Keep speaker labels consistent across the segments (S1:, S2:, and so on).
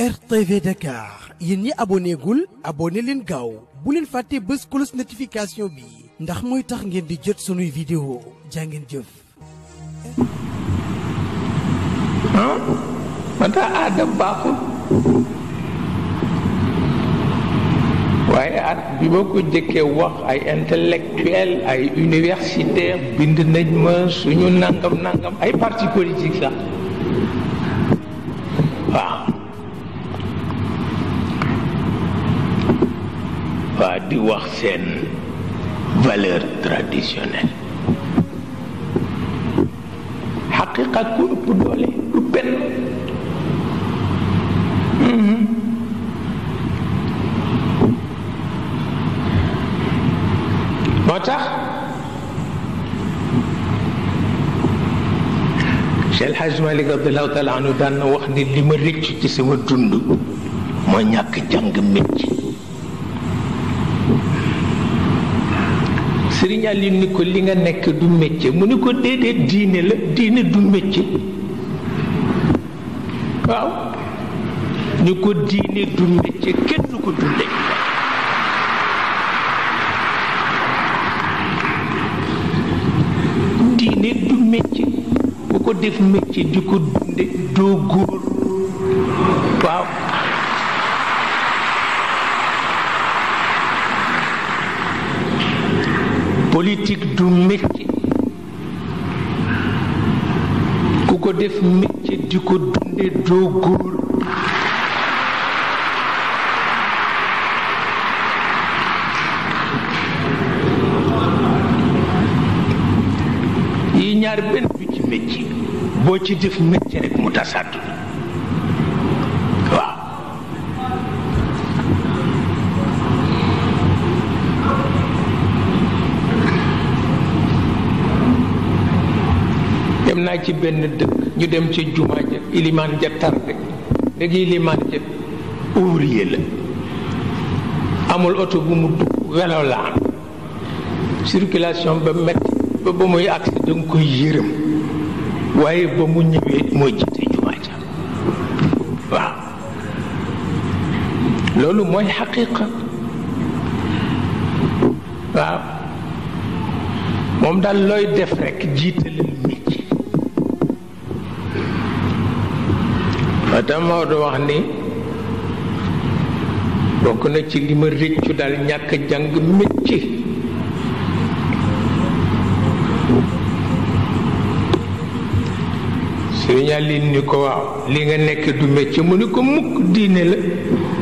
S1: RTV Dakar yéen ñi abonné gul abonné leen gaaw bu leen faté bés cloche notification bi ndax moy tax ngeen di jot suñu vidéo jàngeen jëf ah Adam tax aadam baaxul waaye at bi ma ko jëkkee wax ay intellectuel ay universitaire bind nañ ma suñu nangam nangam ay parti politique sax waaw va di wax seen tradisional traditionnelle xaqiqa ku ëpp doole du benn moo tax Cheikh Hadj Taala anu daan wax ni ci sama sëñ ni ko li nga nekk du métier mu ni ko déedéet diine la diine du métier waaw ñu ko diine du métier kenn du ko dunde diine du métier bu ko def métier di ko dunde doo góor waaw politique du métier ku ko def métier di ko dunde doo yi ñaar benn du ci métier boo ci def métier rek mu tasaatu naa ci benn dëkk ñu dem ca jumaa ja ilimaan ja tarde léegi ilimaan ja ouvrier la amul oto bu mu dugg welo la am circulation ba metti ba ba muy agsi da koy yërëm waaye ba mu ñëwee moo jiite jumaa ja waaw loolu mooy xaqiqa waaw moom daal looy def rekk jiitalal tax Maodo wax ni bokk na ci li ma rëccu daal ñàkk jàng métti sëriñ Aliin ni ko waaw li nga nekk du métti mu ni ko mukk diine la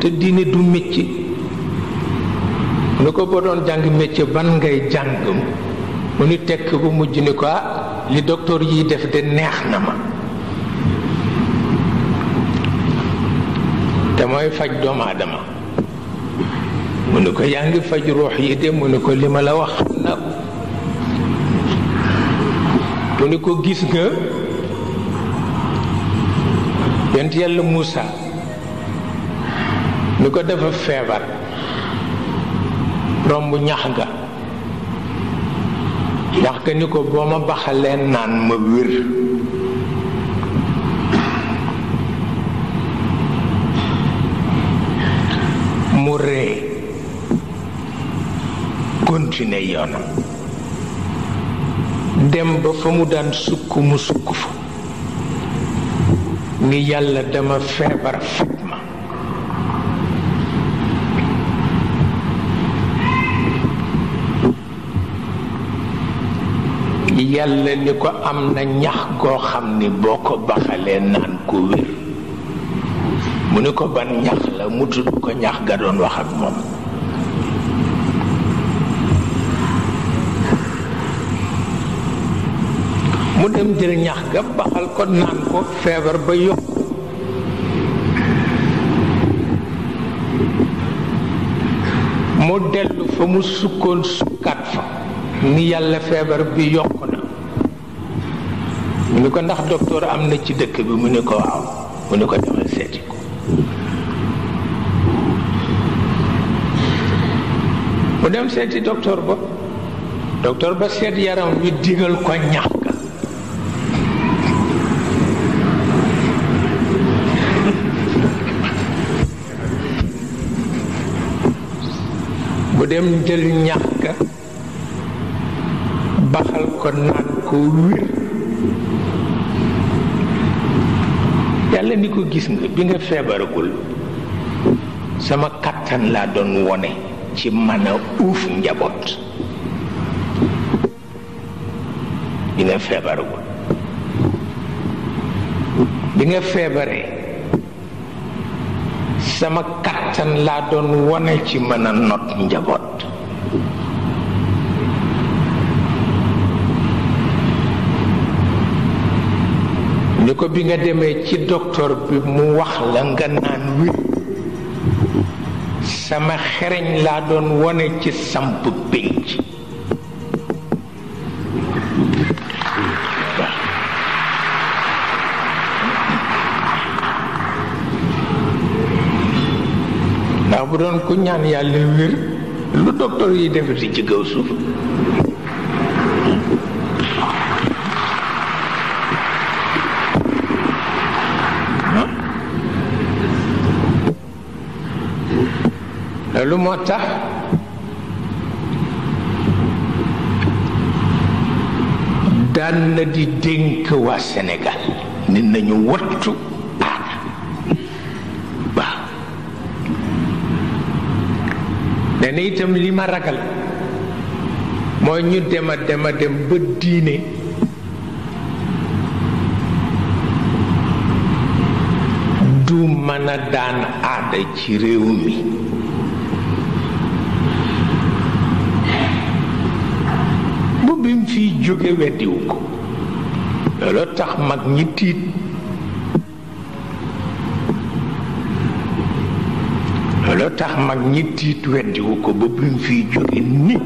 S1: te diine du métti mu ni ko boo doon jàng métti ban ngay jàng mu ni tekk bu mujj ni ko ah li docteur yiy def de neex na ma te mooy faj doomu aadama mu ne ko yaa ngi faj ruux yi de mu ne ko li ma la wax xam naa ko mu ne ko gis nga yent yàlla Moussa ni ko dafa feebar romb ñax ga ñax ga ni ko boo ma baxalee naan ma wér mu ree continuer yoonam dem ba fa mu daan sukk mu sukk fa ni yàlla dama feebar faj ma yàlla ni ko am na ñax koo xam ni boo ko baxalee naan ko wér mu ni ko ban ñax la mu tudd ko ñax ga doon wax ak moom mu dem jël ñax ga baxal ko naan ko feebar ba yokk mu dellu fa mu sukkoon sukkaat fa ni yàlla feebar bi yokk na mu ni ko ndax docteur am na ci dëkk bi mu ni ko waaw mu ni ko demal seeti ko mu dem seeti docteur ba docteur ba seet yaram wi digal ko ñax ga mu dem jël ñax ga baxal ko naan ko wir yàlla ni ko gis nga bi nga feebaragul sama kattan laa doon wone ci mën a uuf njaboot bi nga feebaragul bi nga feebaree sama kattan laa doon wone ci mën a not njaboot ni ko bi nga demee ci doktoor bi mu wax la nga naan wér sama xereñ laa doon wone ci samp pénc ndax bu doon ku ñaan yàlla wér lu docteur yi defati ci kaw suuf lu moo tax daan na di dénk waa Sénégal nit nañu wattu aada waaw dana itam li ma ragal mooy ñu dema dema dem ba diine du mën a daan aada ci réew mi fiy looloo tax mag ñi tiit weddiwu ko ba bi mu fiy jóge nit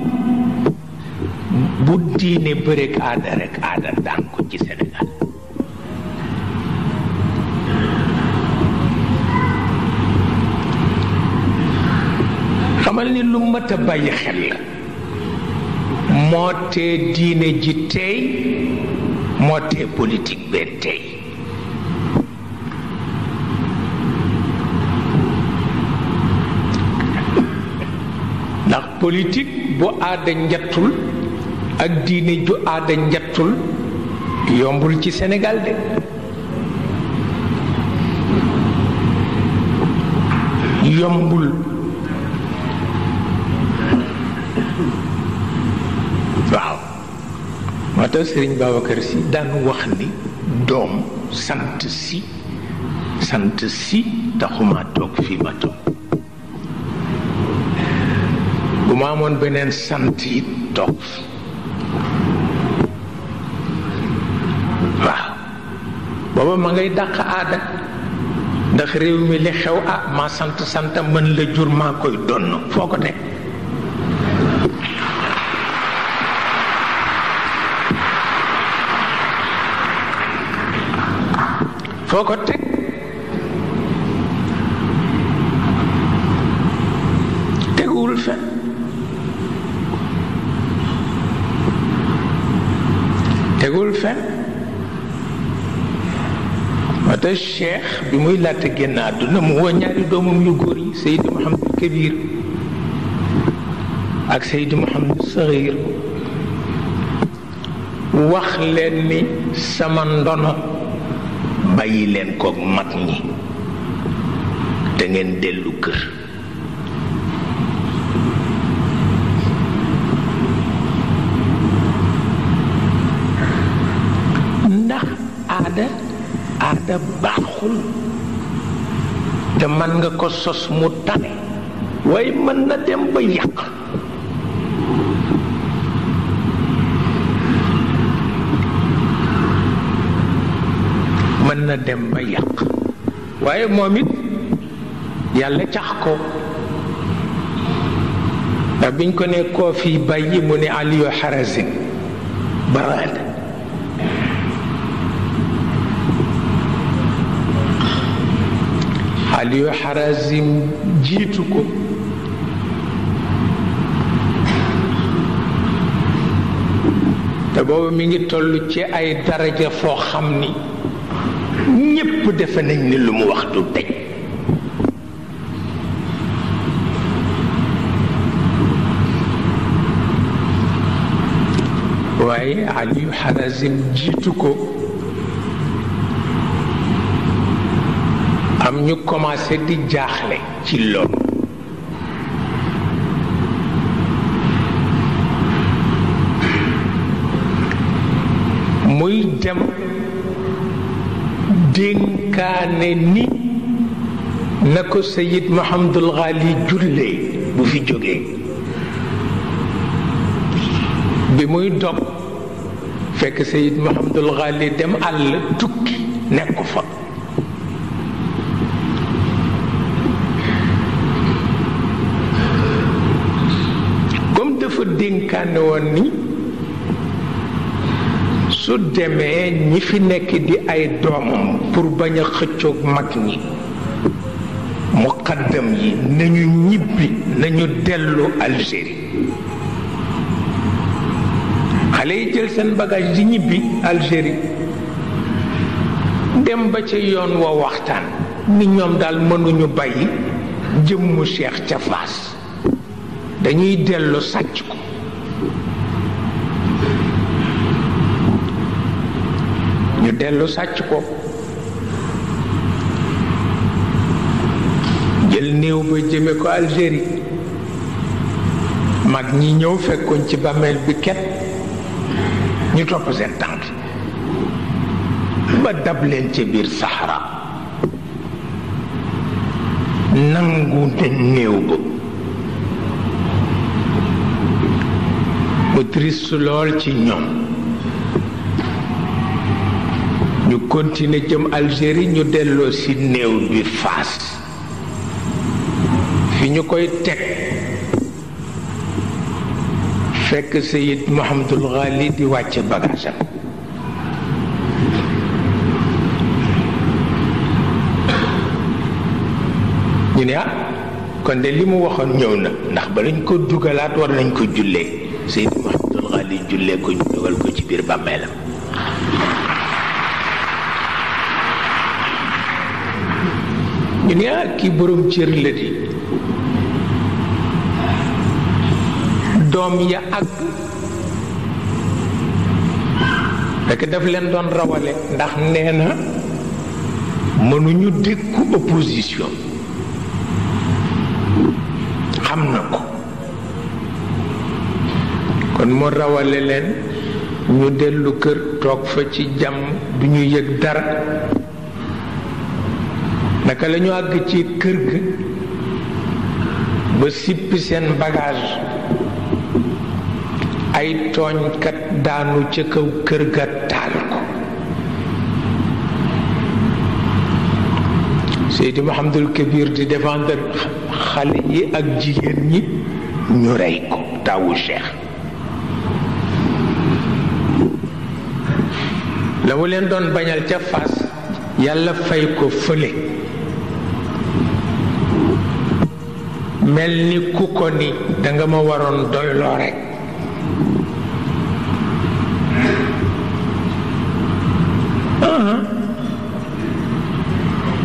S1: bu diine bëreek aada rek aada daan ko ci Sénégal xamal ni lu mat a bàyyi xel la moo tee diine ji tey moo tee politique bee tey ndax politique bu aada njattul ak diine ju aada njattul yombul ci Sénégal de yombul Tos serigne bawa si dan wahni dom santesi santesi tahuma sant fibato taxuma toog benen ma toog bu ma amoon beneen ada it toog waaw booba ndax mi li xew ah ma santam mën la jur maa koy donn foo foo ko teg teguwul fen tegul fen moo tax cheikh bi muy laata génn àdduna mu woo ñaari doomam yu góor yi sayid mohamadul kabir ak sayid mohamadul saxir wax leen ni sama ndono bayi leen koog mag ñi da ngeen ada kër ndax aada aada baaxul te man nga ko sos mu tane na dem ba mën na dem ba yàq waaye moom it yàlla cax ko ndax biñ ko nekkoo fii fi bàyyi mu ne aliyu xarasin baraad aliyu xarasin jiitu ko te boobu mi ngi toll ci ay daraja foo xam ni ñépp defe nañ ni lu mu wax du deñ waaye Aliyu Harazim jiitu ko am ñu commencé di jaaxle ci loolu muy dem dénkaane ni na ko sayid mahamadul xaali jullee bu fi jógee bi muy dog fekk sayid mahamadul xaali dem àll tukki nekku fa comme dafa dénkaane woon ni su demee ñi fi nekk di ay doomam pour bañ a xëccoo mag ñi muqaddam yi nañu ñibbi nañu dellu Algérie xale yi jël seen bagaas di ñibbi algeri dem ba ca yoon wa waxtaan ni ñoom daal mënuñu bàyyi jëmmu Cheikh ca Faas dañuy dellu sàcc ko ñu dellu sàcc ko jël néew ba jëme ko Algérie mag ñi ñëw fekkoon ci bàmmeel bi ket ñu topp seen tànk ba dab leen ci biir Sahara nangu ne néew ba mu triste lool ci ñoom ñu continuer jëm Algérie ñu delloo ci néew bi Fass fi ñu koy teg fekk Seyid Mohamadul Ghali di wàcc bagaasam ñu ne ah kon de li mu waxoon ñëw na ndax ba lañ ko dugalaat war nañ ko jullee Seyid Mohamadul Ghali jullee ko ñu dugal ko ci biir bàmmeelam ñu ne kii boroom cër la di doom ya àgg fekk daf leen doon rawale ndax nee na mënuñu dékku opposition xam na ko kon mu rawale leen ñu dellu kër toog fa ci jàmm bu ñu yëg dara naka lañu àgg ci kër ga ba sippi seen bagaas ay tooñkat daanu ca kaw kër ga taal ko Seydi Mouhamadul Kabir di défendre xale yi ak jigéen ñi ñu rey ko tawu Cheikh la mu leen doon bañal ca Fass yàlla fay ko fële mel ni ku ko ni danga ma waroon doyloo rekk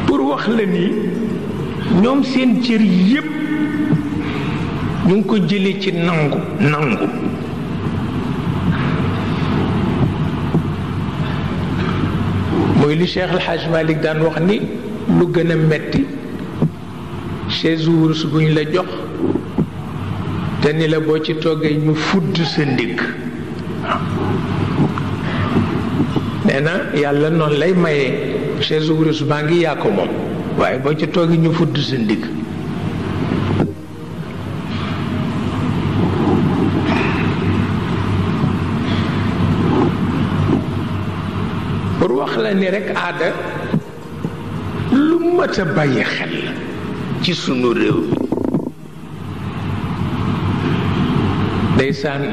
S1: pour wax la ni ñoom seen cër yépp ñu ngi ko jële ci nangu nangu mooy lu Cheikh El Hadj Malick daan wax ni lu gën a metti chaise wurus buñ la jox te ni la boo ci toggee ñu fudd sa ndigg nee na yàlla noon lay maye chaise wurus baa ngi yaa ko moom waaye boo ci toggee ñu fudd sa ndigg wax la ni rekk aada lu mat a bàyyi xel la ci sunu réew mi ndeysaan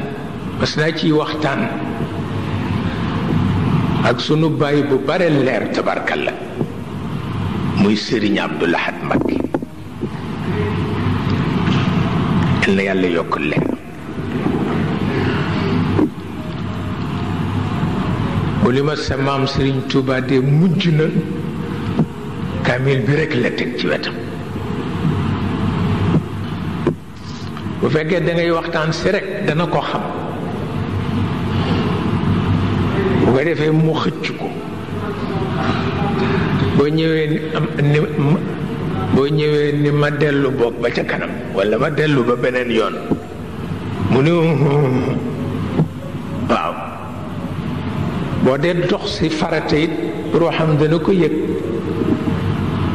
S1: parce que naa ciy waxtaan ak sunu bàyyi bu bare leer tabarkal la muy sëriñ Abdou Lahad Mbacké na yàlla yokk leen mu ni ma sa maam Serigne Touba mujj na kamil bi rekk la teg ci wetam bu fekkee dangay waxtaan si rek dana ko xam bu ko defee mu xëcc ko boo ñëwee ni boo ñëwee ni ma dellu boog ba ca kanam walla ma dellu ba beneen yoon mu ni boo dee dox si farata it ruuxam dana ko yëg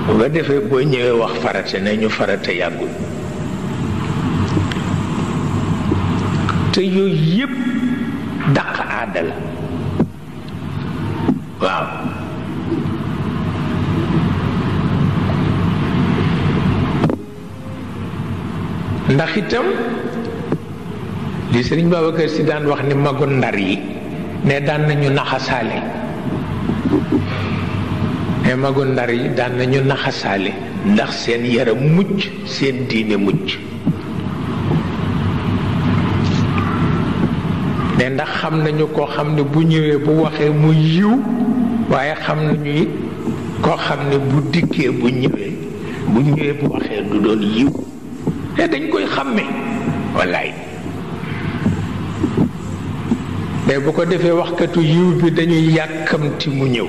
S1: bu nga defee boo ñëwee wax farata ne ñu farata yàggul te yooyu yëpp dàq aada la waaw ndax itam li sëriñ Babacar si daan wax ni magu ndar yi ne daan nañu naxasaale ne ndar yi nañu naxasaale ndax seen yaram mucc seen diine mucc ne ndax xam nañu koo xam ne bu ñëwee bu waxee mu yiw waaye xam nañu it koo xam ne bu dikkee bu ñëwee bu ñëwee bu waxee du doon yiw te dañ koy xàmme wallaay mais bu ko defee waxkatu yiw bi dañuy yàkkamti mu ñëw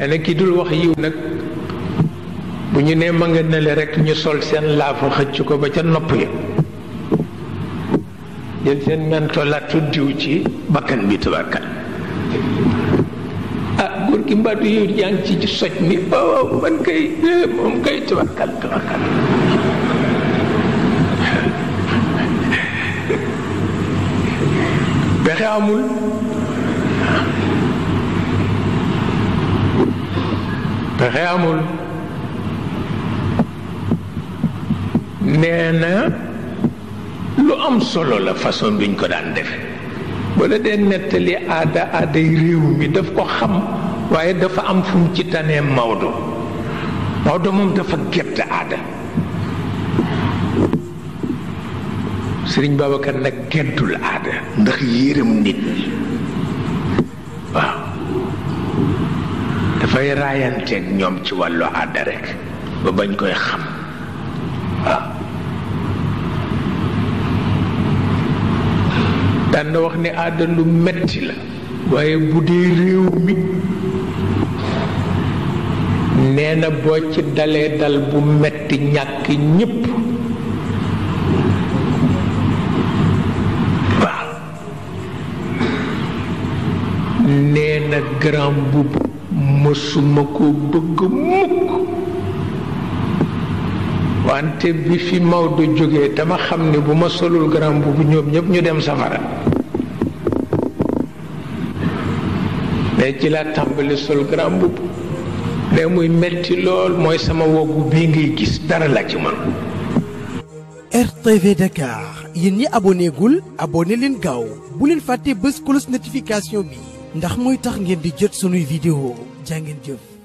S1: nee kii dul wax yiw nag bu ñu nee ma nga rek ñu sol seen laafa xëcc ko ba ca nopp ya jël seen mento latu diw ci bakkan bi tubarkal ah góor gi mbaatu yiw yaa ngi ci soj ni waaw oh, oh, man kay eh, moom kay tubarkal tubarkal pexe amul pexe amul nee na lu am solo la façon bi ñu ko daan defe wala dee nettali aada aaday réew mi daf ko xam waaye dafa am fu ci tanee Maodo Maodo moom dafa gett aada sëriñ Babacar nag gentul aada ndax yéeram nit ñi waaw dafay raayanteeg ñoom ci wàllu aada rek ba bañ koy xam waaw daan na wax ne aada lu metti la waaye bu dee réew mi nee na boo ci dalee dal bu metti ñàkk ñépp nee na grand mbubb mësuma ko bëgg mukk wante bi fi Maodo jóge dama xam ne bu ma solul grand mbubb ñoom ñëpp ñu dem safara ne ci laa tàmbali sol grand mbubb mais muy metti lool mooy sama woggu bii ngay gis dara la ci man RTV Dakar ñi aboné gul leen gaaw leen fàtte bés cloche notification bi ndax mooy tax ngeen di jot sunuy vidéo jaa ngeen jëf